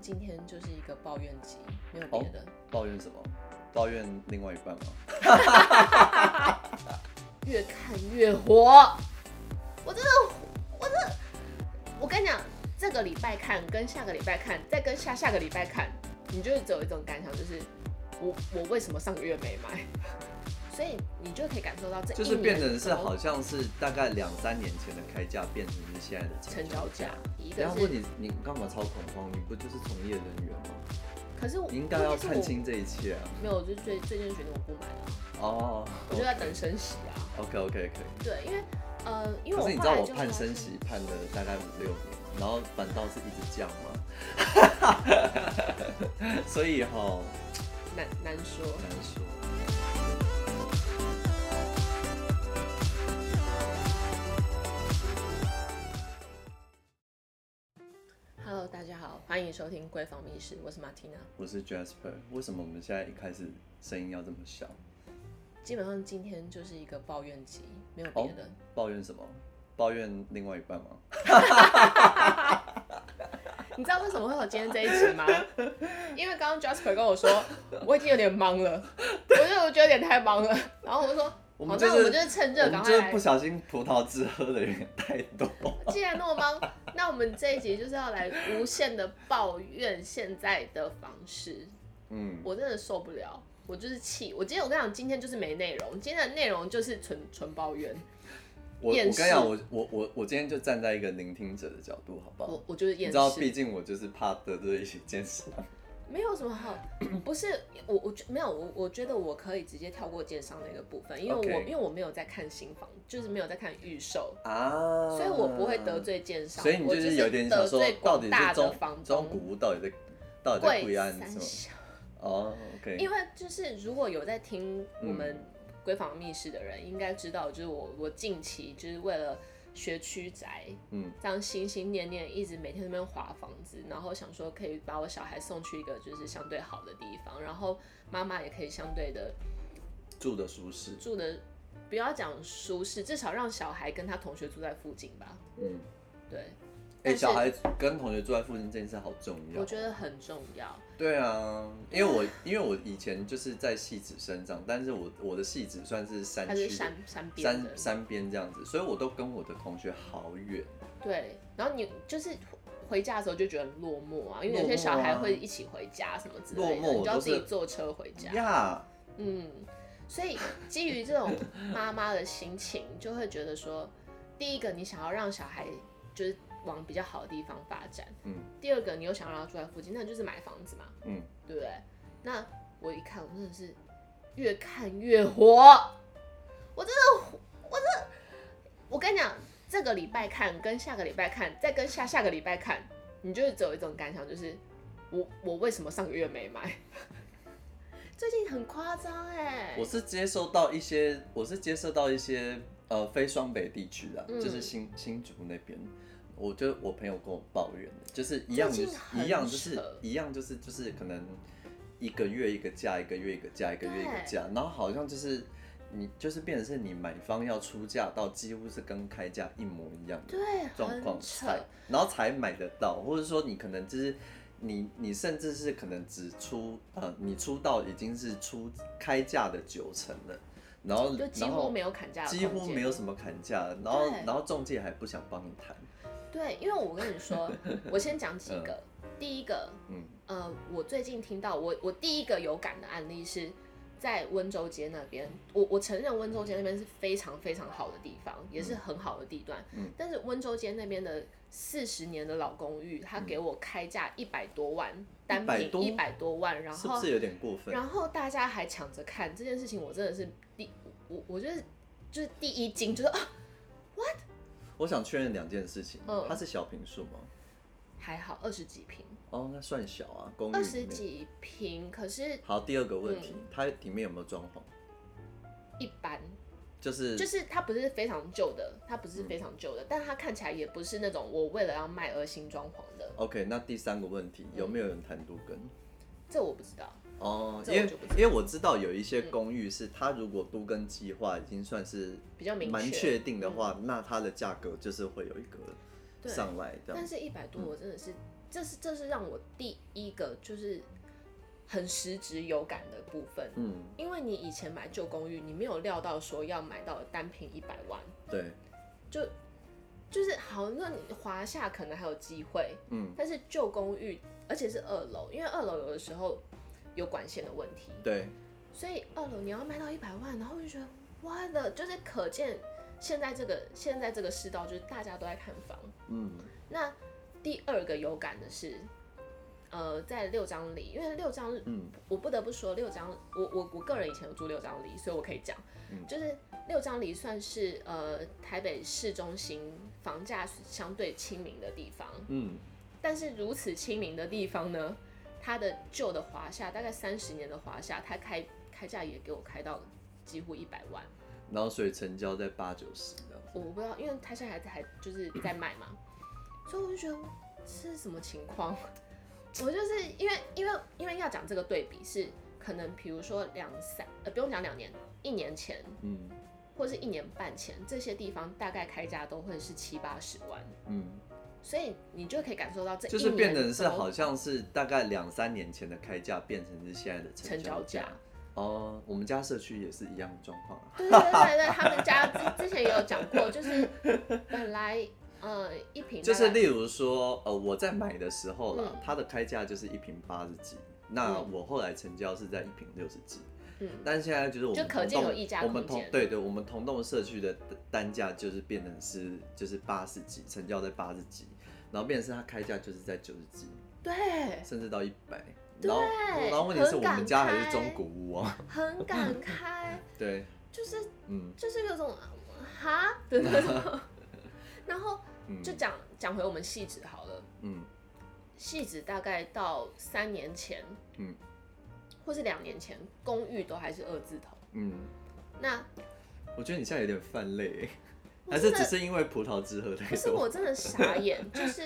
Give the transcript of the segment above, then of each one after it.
今天就是一個抱怨集，沒有別的。哦，抱怨什麼？抱怨另外一半嗎？ 越看越火，我真的，我真的，我跟你講，這個禮拜看，跟下個禮拜看，再跟下下個禮拜看，你就只有一種感想，就是我我為什麼上個月沒買？所以你就可以感受到，這就是變成是好像是大概兩三年前的開價，變成是現在的成交價。等下問你，你幹嘛超恐慌？你不就是從業人員嗎？可是我你應該要看清這一切啊！是，是我沒有，我就是最最近決定我不買了。哦，oh, okay. 我就在等升息啊。OK OK OK。對，因為呃，因為我可是你知道我盼升息盼了大概五六年，然後反倒是一直降嘛， 所以哈、哦，難難說，難說。難說歡迎收聽《閨房蜜事》，我是 Martina，我是 Jasper。為什麼我們現在一開始聲音要這麼小？基本上今天就是一個抱怨集，沒有別的、哦。抱怨什麼？抱怨另外一半嗎？ 你知道為什麼會有今天這一集嗎？因為剛剛 Jasper 跟我說我已經有點忙了，我就我覺得有點太忙了，然後我就說。就是、好，那我們就是趁熱，就是不小心葡萄汁喝的有點太多。 既然諾邦，那我們這一集就是要來無限的抱怨現在的房事。嗯，我真的受不了，我就是氣。我今天我跟你講，今天就是沒內容，今天的內容就是純純抱怨。我世我跟你講，我剛剛講我我我今天就站在一個聆聽者的角度，好不好？我我就是你知道，畢竟我就是怕得罪一些事、啊。沒有什麼好，不是我，我覺沒有我，我覺得我可以直接跳過建商那個部分，因為我 Okay. 因為我沒有在看新房，就是沒有在看預售啊，所以我不會得罪建商。所以你就是有點想說，我就是得罪廣大的房東，到底是中房、中古到底在、到底在貴三小哦？因為就是如果有在聽我們《閨房蜜事》的人，嗯、應該知道，就是我我近期就是為了。學區宅，嗯，這樣心心念念，一直每天在那邊滑房子，然後想說可以把我小孩送去一個就是相對好的地方，然後媽媽也可以相對的住的舒適，住的不要講舒適，至少讓小孩跟他同學住在附近吧，嗯，對。哎、欸，小孩跟同學住在附近這件事好重要，我覺得很重要。對啊，因為我因為我以前就是在汐止生長，但是我我的汐止算是山區，山山邊，山山邊這樣子，所以我都跟我的同學好遠。對，然後你就是回家的時候就覺得很落寞啊，因為有些小孩會一起回家什麼之類的，落寞都你就要自己坐車回家。Yeah. 嗯，所以基於這種媽媽的心情， 就會覺得說，第一個你想要讓小孩就是。往比較好的地方發展。嗯，第二個，你又想要讓他住在附近，那就是買房子嘛。嗯，對不對？那我一看，我真的是越看越火。嗯、我真的，我，真的，我真的，我跟你講，這個禮拜看，跟下個禮拜看，再跟下下個禮拜看，你就只有一種感想，就是我我為什麼上個月沒買？ 最近很誇張哎、欸！我是接受到一些，我是接受到一些呃非雙北地區的，嗯、就是新新竹那邊。我就我朋友跟我抱怨，就是一樣、就是、一樣，就是一樣，就是就是可能一個月一個價，一個月一個價，對一個月一個價，然後好像就是你就是變成是你買方要出價到幾乎是跟開價一模一樣的狀況下，然後才買得到，或者說你可能就是你你甚至是可能只出呃，你出到已經是出開價的九成了，然後幾乎沒有砍價，幾乎沒有什麼砍價，然後對然後中介還不想幫你談。對，因為我跟你說，我先講幾個。 嗯、第一個，嗯，呃，我最近聽到我我第一個有感的案例是在溫州街那邊。我我承認溫州街那邊是非常非常好的地方，嗯、也是很好的地段。嗯、但是溫州街那邊的四十年的老公寓，嗯、他給我開價一百多萬，100多？單品一百多萬，然後是不是有點過分？然後大家還搶着看這件事情，我真的是第我我覺得就是、就是第一驚，就是啊，what？我想確認兩件事情，它是小坪數嗎？還好，二十幾坪哦，oh, 那算小啊。公寓二十幾坪，可是好。第二個問題，嗯、它裡面有沒有裝潢？一般，就是就是它不是非常舊的，它不是非常舊的，嗯、但它看起來也不是那種我為了要賣而新裝潢的。OK，那第三個問題，有沒有人談度跟、嗯？這我不知道。哦，因為因為我知道有一些公寓是它如果都更計劃已經算是比較蠻確定的話，嗯、那它的價格就是會有一個上來的。但是一百多，我真的是，嗯、這是這是讓我第一個就是很實質有感的部分。嗯，因為你以前買舊公寓，你沒有料到說要買到的單品一百萬，對，就就是好，那華夏可能還有機會，嗯，但是舊公寓，而且是二樓，因為二樓有的時候。有管線的問題，對，所以二樓你要賣到一百萬，然後我就覺得，What the，就是可見現在這個現在這個世道就是大家都在看房，嗯。那第二個有感的是，呃，在六張犁，因為六張，嗯，我不得不說六張，我我我個人以前有住六張犁，所以我可以講，嗯，就是六張犁算是，呃，台北市中心房價相對親民的地方，嗯。但是如此親民的地方呢？他的舊的華廈，大概三十年的華廈，他開開價也給我開到了幾乎一百萬，然後所以成交在八九十，我不知道，因為他現在還還就是在賣嘛， 所以我就覺得是什麼情況啊？我就是因為因為因為要講這個對比是可能，比如說兩三呃不用講兩年，一年前，嗯，或是一年半前，這些地方大概開價都會是七八十萬，嗯。所以你就可以感受到，這，就是變成是好像是大概兩三年前的開價，變成是現在的成交價。哦，uh, 我們家社區也是一樣的狀況，對對對，對 他們家之之前也有講過，就是本來 呃一坪，就是例如說呃我在買的時候啦，嗯、它的開價就是一坪八十幾，嗯、那我後來成交是在一坪六十幾，嗯，但是現在就是我們就可見有一家。我們同對，對對，我們同棟社區的單價就是變成是就是八十幾，成交在八十幾。然後變成是，他開價就是在九十幾，對，甚至到一百。對，然後，然後問題是我們家還是中古屋啊，很感慨，對，就是，嗯，就是有種，哈，對對，然後就講講回我們汐止好了，嗯，汐止大概到三年前，嗯，或是兩年前，公寓都還是二字頭，嗯。那，我覺得你現在有點犯累？還是只是因為葡萄汁喝太多？可是我真的傻眼，就是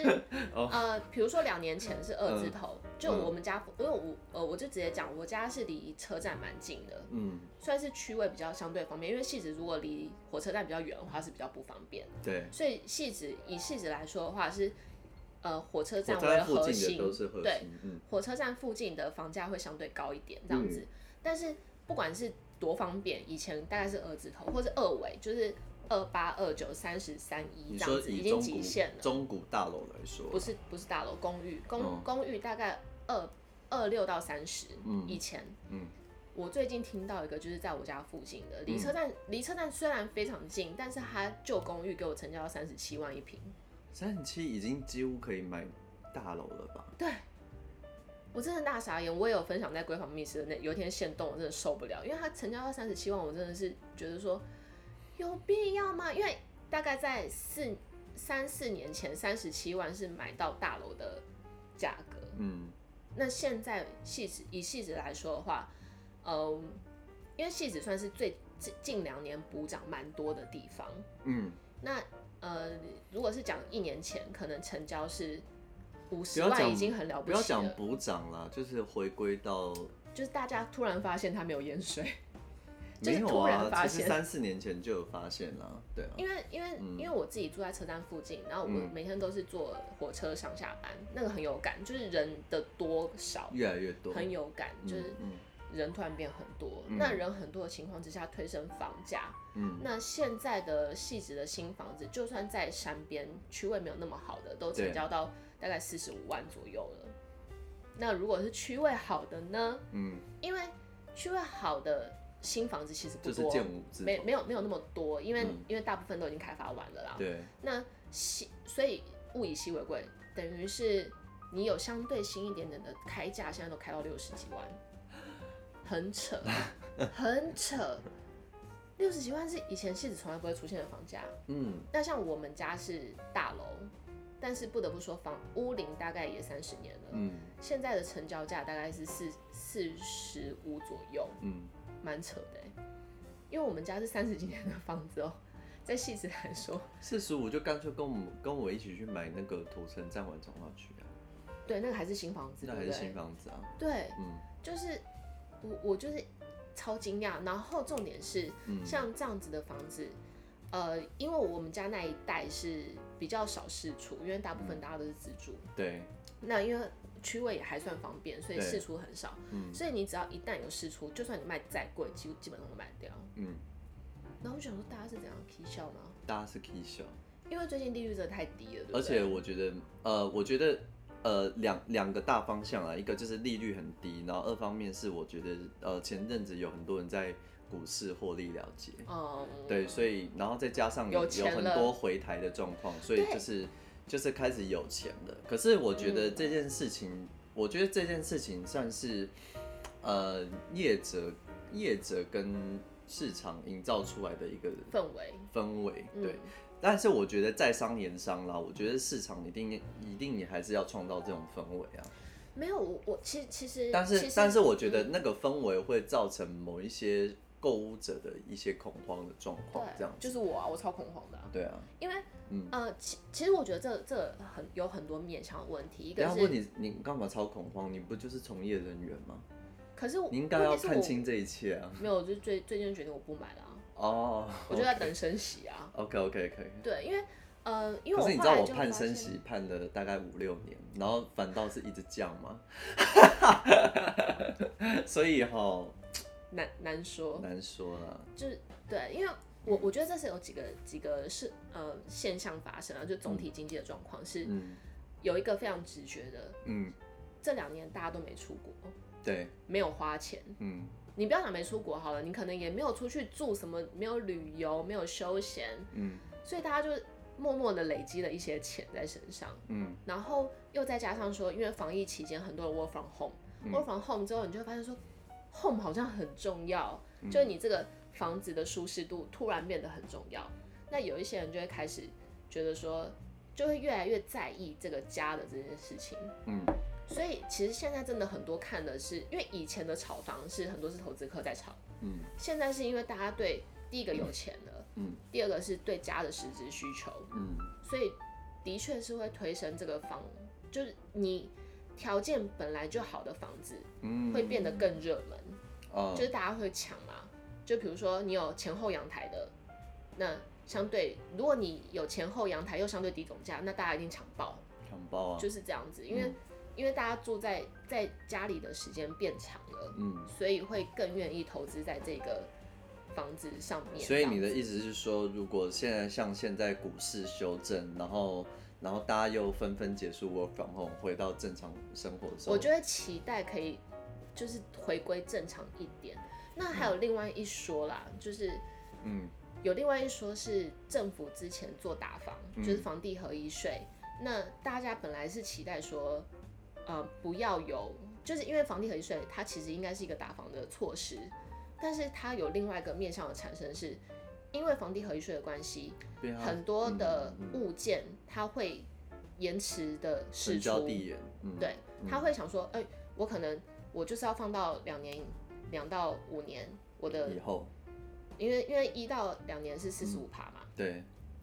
呃，比如說，兩年前是二字頭，就我們家因為我呃，我就直接講，我家是離車站蠻近的，嗯，算是區位比較相對方便。因為汐止如果離火車站比較遠的話是比較不方便，對。所以汐止以汐止來說的話是呃火車站為核心，都是核心，對，火車站附近的房價會相對高一點這樣子。但是不管是多方便，以前大概是二字頭，或是二尾，就是。二八二九三十三一這樣子，以已經極限了。中古大樓來說、啊不，不是不是大樓公寓，公、嗯、公寓大概二二六到三十。嗯，以前，嗯，我最近聽到一個就是在我家附近的，離車站離車站雖然非常近，嗯、但是它舊公寓給我成交到三十七萬一坪。三十七已經幾乎可以買大樓了吧？對，我真的大傻眼。我也有分享在閨房蜜事的那，那有一天限動，我真的受不了，因為他成交到三十七萬，我真的是覺得說。有必要嗎？因為大概在四三四年前，三十七萬是買到大樓的價格。嗯，那現在汐止，以汐止來說的話，嗯、呃，因為汐止算是最近兩年補漲蠻多的地方。嗯，那呃，如果是講一年前，可能成交是五十萬已經很了不起了，不要講。不要講補漲了，就是回歸到，就是大家突然發現它沒有淹水。就是突然發現，啊、其實三四年前就有發現了，對、啊、因為因為、嗯、因為我自己住在車站附近，然後我每天都是坐火車上下班，嗯、那個很有感，就是人的多少越來越多，很有感，就是人突然變很多。嗯嗯、那人很多的情況之下，推升房價。嗯、那現在的細緻的新房子，嗯、就算在山邊區位沒有那麼好的，都成交到大概四十五萬左右了。對那如果是區位好的呢？嗯，因為區位好的。新房子其實不多，是建沒沒有沒有那麼多，因為、嗯、因為大部分都已經開發完了啦。對，那所以物以稀為貴，等於是你有相對新一點點的開價，現在都開到六十幾萬，很扯，很扯。六十 幾萬是以前其實從來不會出現的房價。嗯，那像我們家是大樓，但是不得不說房，房屋齡大概也三十年了。嗯，現在的成交價大概是四四十五左右。嗯。蠻扯的、欸，因為我們家是三十幾年的房子哦、喔，在細子來說，四十五就乾脆跟我們跟我一起去買那個土城暫緩發展區啊，對，那個還是新房子，那還是新房子啊，對，嗯，就是我我就是超驚訝，然後重點是、嗯、像這樣子的房子，呃，因為我們家那一帶是比較少釋出，因為大部分大家都是自住，嗯、對，那因為。區位也還算方便，所以釋出很少。嗯，所以你只要一旦有釋出，就算你賣再貴，幾乎基本上都能賣掉。嗯。然後我想說，大家是怎樣起笑呢？笑大家是起笑，因為最近利率實在太低了。對對，而且我覺得，呃，我覺得，呃，兩兩個大方向啊，一個就是利率很低，然後二方面是我覺得，呃，前陣子有很多人在股市獲利了結。哦、嗯。對，所以然後再加上有有，有很多回台的狀況，所以就是。就是開始有錢了，可是我覺得這件事情，嗯、我覺得這件事情算是，呃，業者業者跟市場營造出來的一個氛圍氛圍，對。嗯、但是我覺得在商言商啦，我覺得市場一定一定也還是要創造這種氛圍啊。沒有，我我其實其實，其實但是其實但是我覺得那個氛圍會造成某一些。購屋者的一些恐慌的狀況，這樣就是我啊，我超恐慌的、啊。對啊，因為，嗯、呃，其其實我覺得這這很有很多面向問題。要不你你幹嘛超恐慌？你不就是從業人員嗎？可是我應該要看清這一切啊。我沒有，就最最近決定我不買了、啊。哦，oh, okay. 我就在等升息啊。OK OK 可、okay. 以對，因為，呃，因為我可是你知道我盼升息盼了大概五六年，然後反倒是一直降嘛， 所以哈。難難說，難說了、啊，就是對，因為我、嗯、我覺得這是有幾個幾個是呃現象發生啊，就總體經濟的狀況是、嗯、有一個非常直覺的，嗯，這兩年大家都沒出國，對，沒有花錢，嗯，你不要想沒出國好了，你可能也沒有出去住什麼，沒有旅遊，沒有休閒，嗯，所以大家就默默的累積了一些錢在身上，嗯，然後又再加上說，因為防疫期間很多的 work from home，work、嗯、from home 之後，你就會發現說。home 好像很重要，就是你這個房子的舒適度突然變得很重要。嗯，那有一些人就會開始覺得說，就會越來越在意這個家的這件事情。嗯，所以其實現在真的很多看的是，因為以前的炒房是很多是投資客在炒，嗯，現在是因為大家對第一個有錢了，嗯，第二個是對家的實質需求，嗯，所以的確是會推升這個房，就是你。條件本來就好的房子，嗯，會變得更熱門，哦、啊，就是大家會搶嘛、啊。就比如說你有前後陽台的，那相對如果你有前後陽台又相對低總價，那大家一定搶爆。搶爆啊！就是這樣子，因為、嗯、因為大家住在在家裡的時間變長了，嗯，所以會更願意投資在這個房子上面這樣子。所以你的意思是說，如果現在像現在股市修正，然後。然後大家又紛紛結束 work from home，回到正常生活的時候，我覺得期待可以就是回歸正常一點。那還有另外一說啦，嗯、就是嗯，有另外一說是政府之前做打房，就是房地合一稅。嗯、那大家本來是期待說，呃，不要有，就是因為房地合一稅，它其實應該是一個打房的措施，但是它有另外一個面向的產生是。因為房地合一稅的關係，啊、很多的物件、嗯嗯、它會延遲的釋出，嗯、對，他、嗯、會想說，哎、欸，我可能我就是要放到兩年，兩到五年，我的以後，因為因為一到兩年是四十五趴嘛、嗯，對，2>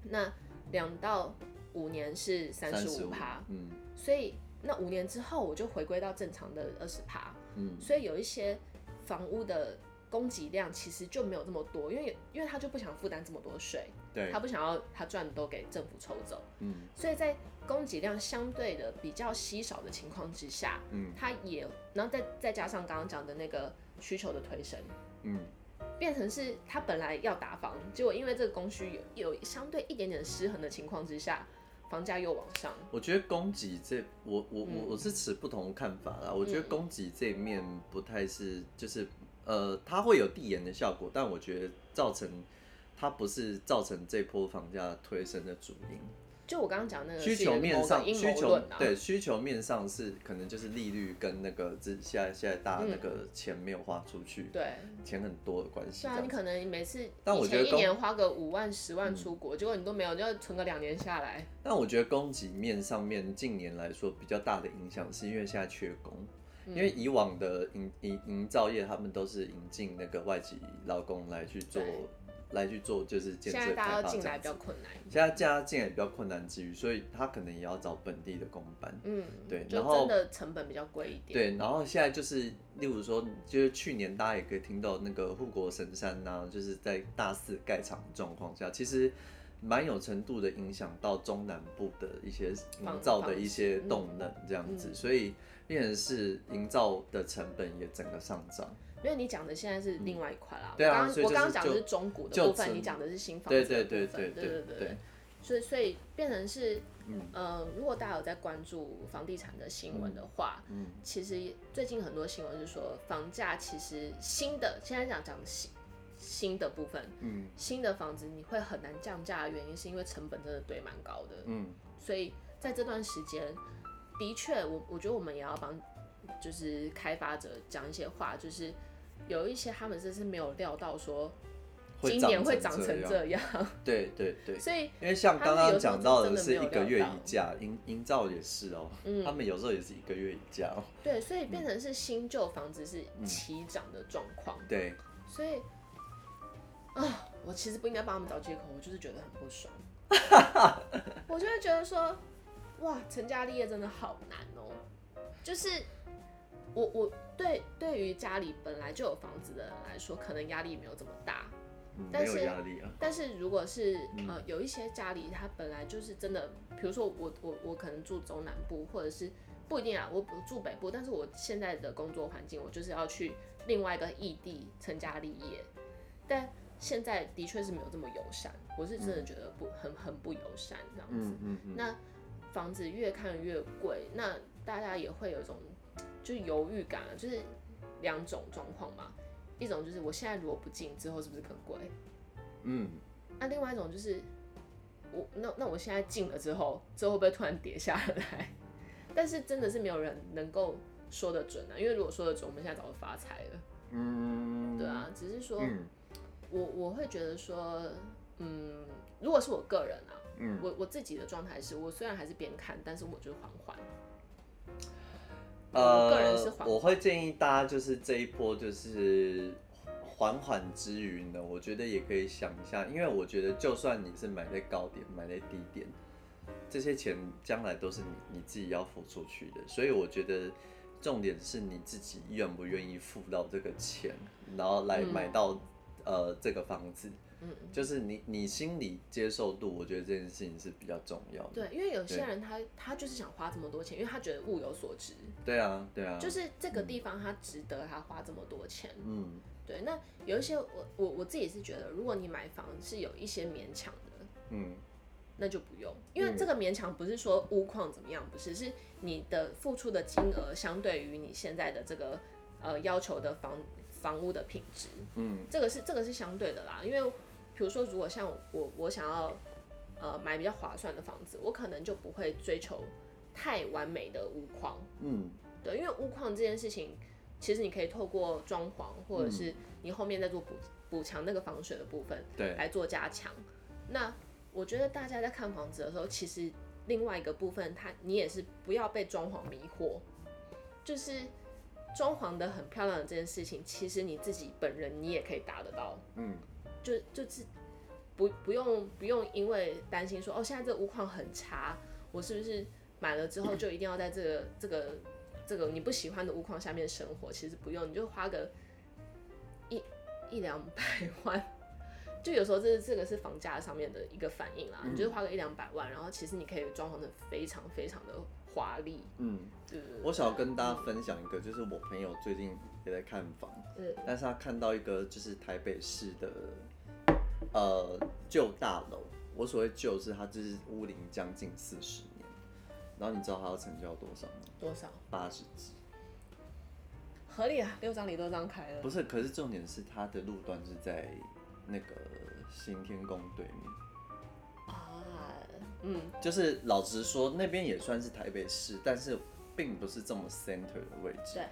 那兩到五年是三十五趴，35，嗯，所以那五年之後我就回歸到正常的二十趴，嗯，所以有一些房屋的，供給量其實就沒有這麼多，因為因為他就不想負擔這麼多稅，對，他不想要他賺的都給政府抽走，嗯，所以在供給量相對的比較稀少的情況之下，嗯，他也，然後再再加上剛剛講的那個需求的推升，嗯，變成是他本來要打房，嗯、結果因為這個供需有有相對一點點失衡的情況之下，房價又往上。我覺得供給這我我我我是持不同的看法啦，嗯、我覺得供給這一面不太是就是。呃，它會有遞延的效果，但我覺得造成它不是造成這波房價推升的主因。就我剛剛講那個，個、啊、需求面上，需求對需求面上是可能就是利率跟那個，這現在現在大家那個錢沒有花出去，對、嗯、錢很多的關係。雖然你可能每次但以前一年花個五萬十萬出國，嗯、結果你都沒有，就要存個兩年下來。但我覺得供給面上面近年來說比較大的影響，是因為現在缺工。因為以往的營營營造業，他們都是引進那個外籍勞工來去做，對來去做就是建設開發這樣子。現在大家進來比較困難，現在家進來也比較困難之餘，所以他可能也要找本地的工班。嗯，對，然後真的成本比較貴一點。對，然後現在就是，例如說，就是去年大家也可以聽到那個護國神山吶、啊，就是在大肆蓋廠的狀況下，其實。蠻有程度的影響到中南部的一些營造的一些動能這樣子，所以變成是營造的成本也整個上漲。因為你講的現在是另外一塊啦，我剛我剛剛講的是中古的部分，你講的是新房子的部分。對對對對對對對。所以所以變成是，嗯，如果大家有在關注房地產的新聞的話，嗯，其實最近很多新聞是說房價其實新的，現在講講新，新的部分，嗯，新的房子你會很難降價的原因，是因為成本真的堆蠻高的，嗯，所以在這段時間，的確，我我覺得我們也要幫，就是開發者講一些話，就是有一些他們真是沒有料到說，今年會長成這樣，這樣對對對，所以因為像剛剛講到的是一個月一價，營營造也是哦、喔，嗯，他們有時候也是一個月一價、喔，對，所以變成是新舊房子是齊漲的狀況、嗯，對，所以。啊、呃，我其實不應該幫他們找借口，我就是覺得很不爽。 我就會覺得說，哇，成家立業真的好難哦。就是我我對對於家裡本來就有房子的人來說，可能壓力沒有這麼大。嗯、但是沒有壓力啊。但是如果是呃有一些家裡他本來就是真的，比、嗯、如說我我我可能住中南部，或者是不一定啊，我不住北部。但是我現在的工作環境，我就是要去另外一個異地成家立業，但。現在的確是沒有這麼友善，我是真的覺得不、嗯、很很不友善這樣子。嗯嗯嗯、那房子越看越貴，那大家也會有一種就猶豫感、啊，就是兩種狀況嘛。一種就是我現在如果不進，之後是不是更貴？嗯。那、啊、另外一種就是我那那我現在進了之後，之後會不會突然跌下來？ 但是真的是沒有人能夠說得準呢、啊，因為如果說得準，我們現在早就發財了。嗯。對啊，只是說。嗯我我會覺得說，嗯，如果是我個人啊，嗯，我我自己的狀態是我雖然還是邊看，但是我就是緩緩。呃，我個人是緩，呃，我會建議大家就是這一波就是緩緩之餘呢，我覺得也可以想一下，因為我覺得就算你是買在高點，買在低點，這些錢將來都是你你自己要付出去的，所以我覺得重點是你自己願不願意付到這個錢，然後來買到。嗯呃，這個房子，嗯，就是你你心理接受度，我覺得這件事情是比較重要的。對，因為有些人他對他就是想花這麼多錢，因為他覺得物有所值。對啊，對啊。就是這個地方他值得他花這麼多錢。嗯，對。那有一些我我我自己是覺得，如果你買房是有一些勉強的，嗯，那就不用，因為這個勉強不是說屋況怎麼樣，不是，是你的付出的金額相對於你現在的這個呃要求的房。房屋的品質，嗯，這個是這個是相對的啦，因為比如說，如果像我我，我想要，呃，買比較划算的房子，我可能就不會追求太完美的屋況，嗯，對，因為屋況這件事情，其實你可以透過裝潢或者是你後面在做補補強那個防水的部分，對、嗯，來做加強。對那我覺得大家在看房子的時候，其實另外一個部分它，它你也是不要被裝潢迷惑，就是。裝潢的很漂亮的這件事情，其實你自己本人你也可以達得到，嗯，就就是不不用不用因為擔心說哦現在這個屋況很差，我是不是買了之後就一定要在這個、嗯、這個這個你不喜歡的屋況下面生活？其實不用，你就花個一一兩百萬，就有時候這這個是房價上面的一個反應啦，嗯、你就花個一兩百萬，然後其實你可以裝潢的非常非常的。華麗，華麗。嗯，嗯我想要跟大家分享一個，嗯、就是我朋友最近也在看房，嗯，但是他看到一個就是台北市的呃舊大樓，我所謂舊是它就是屋齡將近四十年，然後你知道它要成交多少嗎，多少？八十幾，合理啊，六張裡多張開了。不是，可是重點是它的路段是在那個新天宮對面。嗯，就是老實說，那邊也算是台北市，但是並不是這麼 center 的位置。對。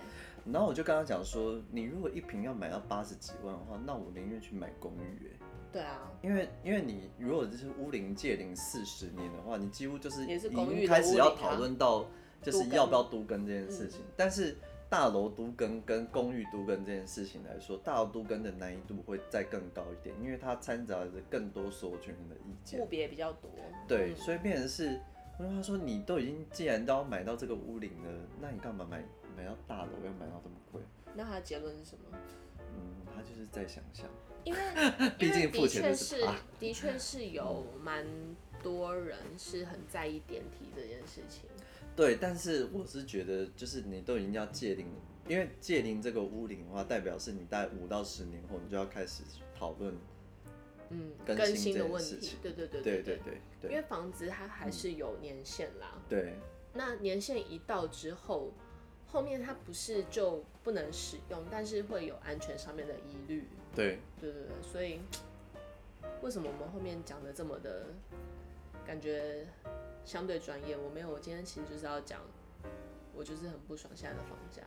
然後我就跟他講說，你如果一坪要買到八十幾萬的話，那我寧願去買公寓，欸。對啊。因為因為你如果這是屋齡接近四十年的話，你幾乎就是已經開始要討論到就是要不要都更這件事情，是嗯、但是。大樓都更跟公寓都更這件事情來說，大樓都更的難易度會再更高一點，因為它摻雜着更多所有權人的意見，個別比較多。對，嗯、所以變成是，因為他說你都已經既然都要買到這個屋頂了，那你幹嘛買買到大樓要買到這麼貴？那他的結論是什麼、嗯？他就是在想想，因為畢 竟付錢是的是。的確是有蠻多人是很在意電梯這件事情。對，但是我是覺得，就是你都已經要屆齡，因為屆齡這個屋齡的話，代表是你在五到十年後，你就要開始討論，嗯，更新的問題。對對對對對對，對對對對對，因為房子它還是有年限啦。嗯、對。那年限一到之後，後面它不是就不能使用，但是會有安全上面的疑慮。對。對對對，所以，為什麼我們後面講的這麼的，感覺？相對專業，我沒有。我今天其實就是要講，我就是很不爽現在的房價。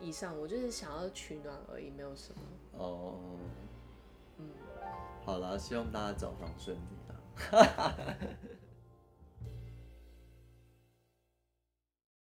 以上我就是想要取暖而已，沒有什麼。哦，嗯，好啦，希望大家找房順利啦。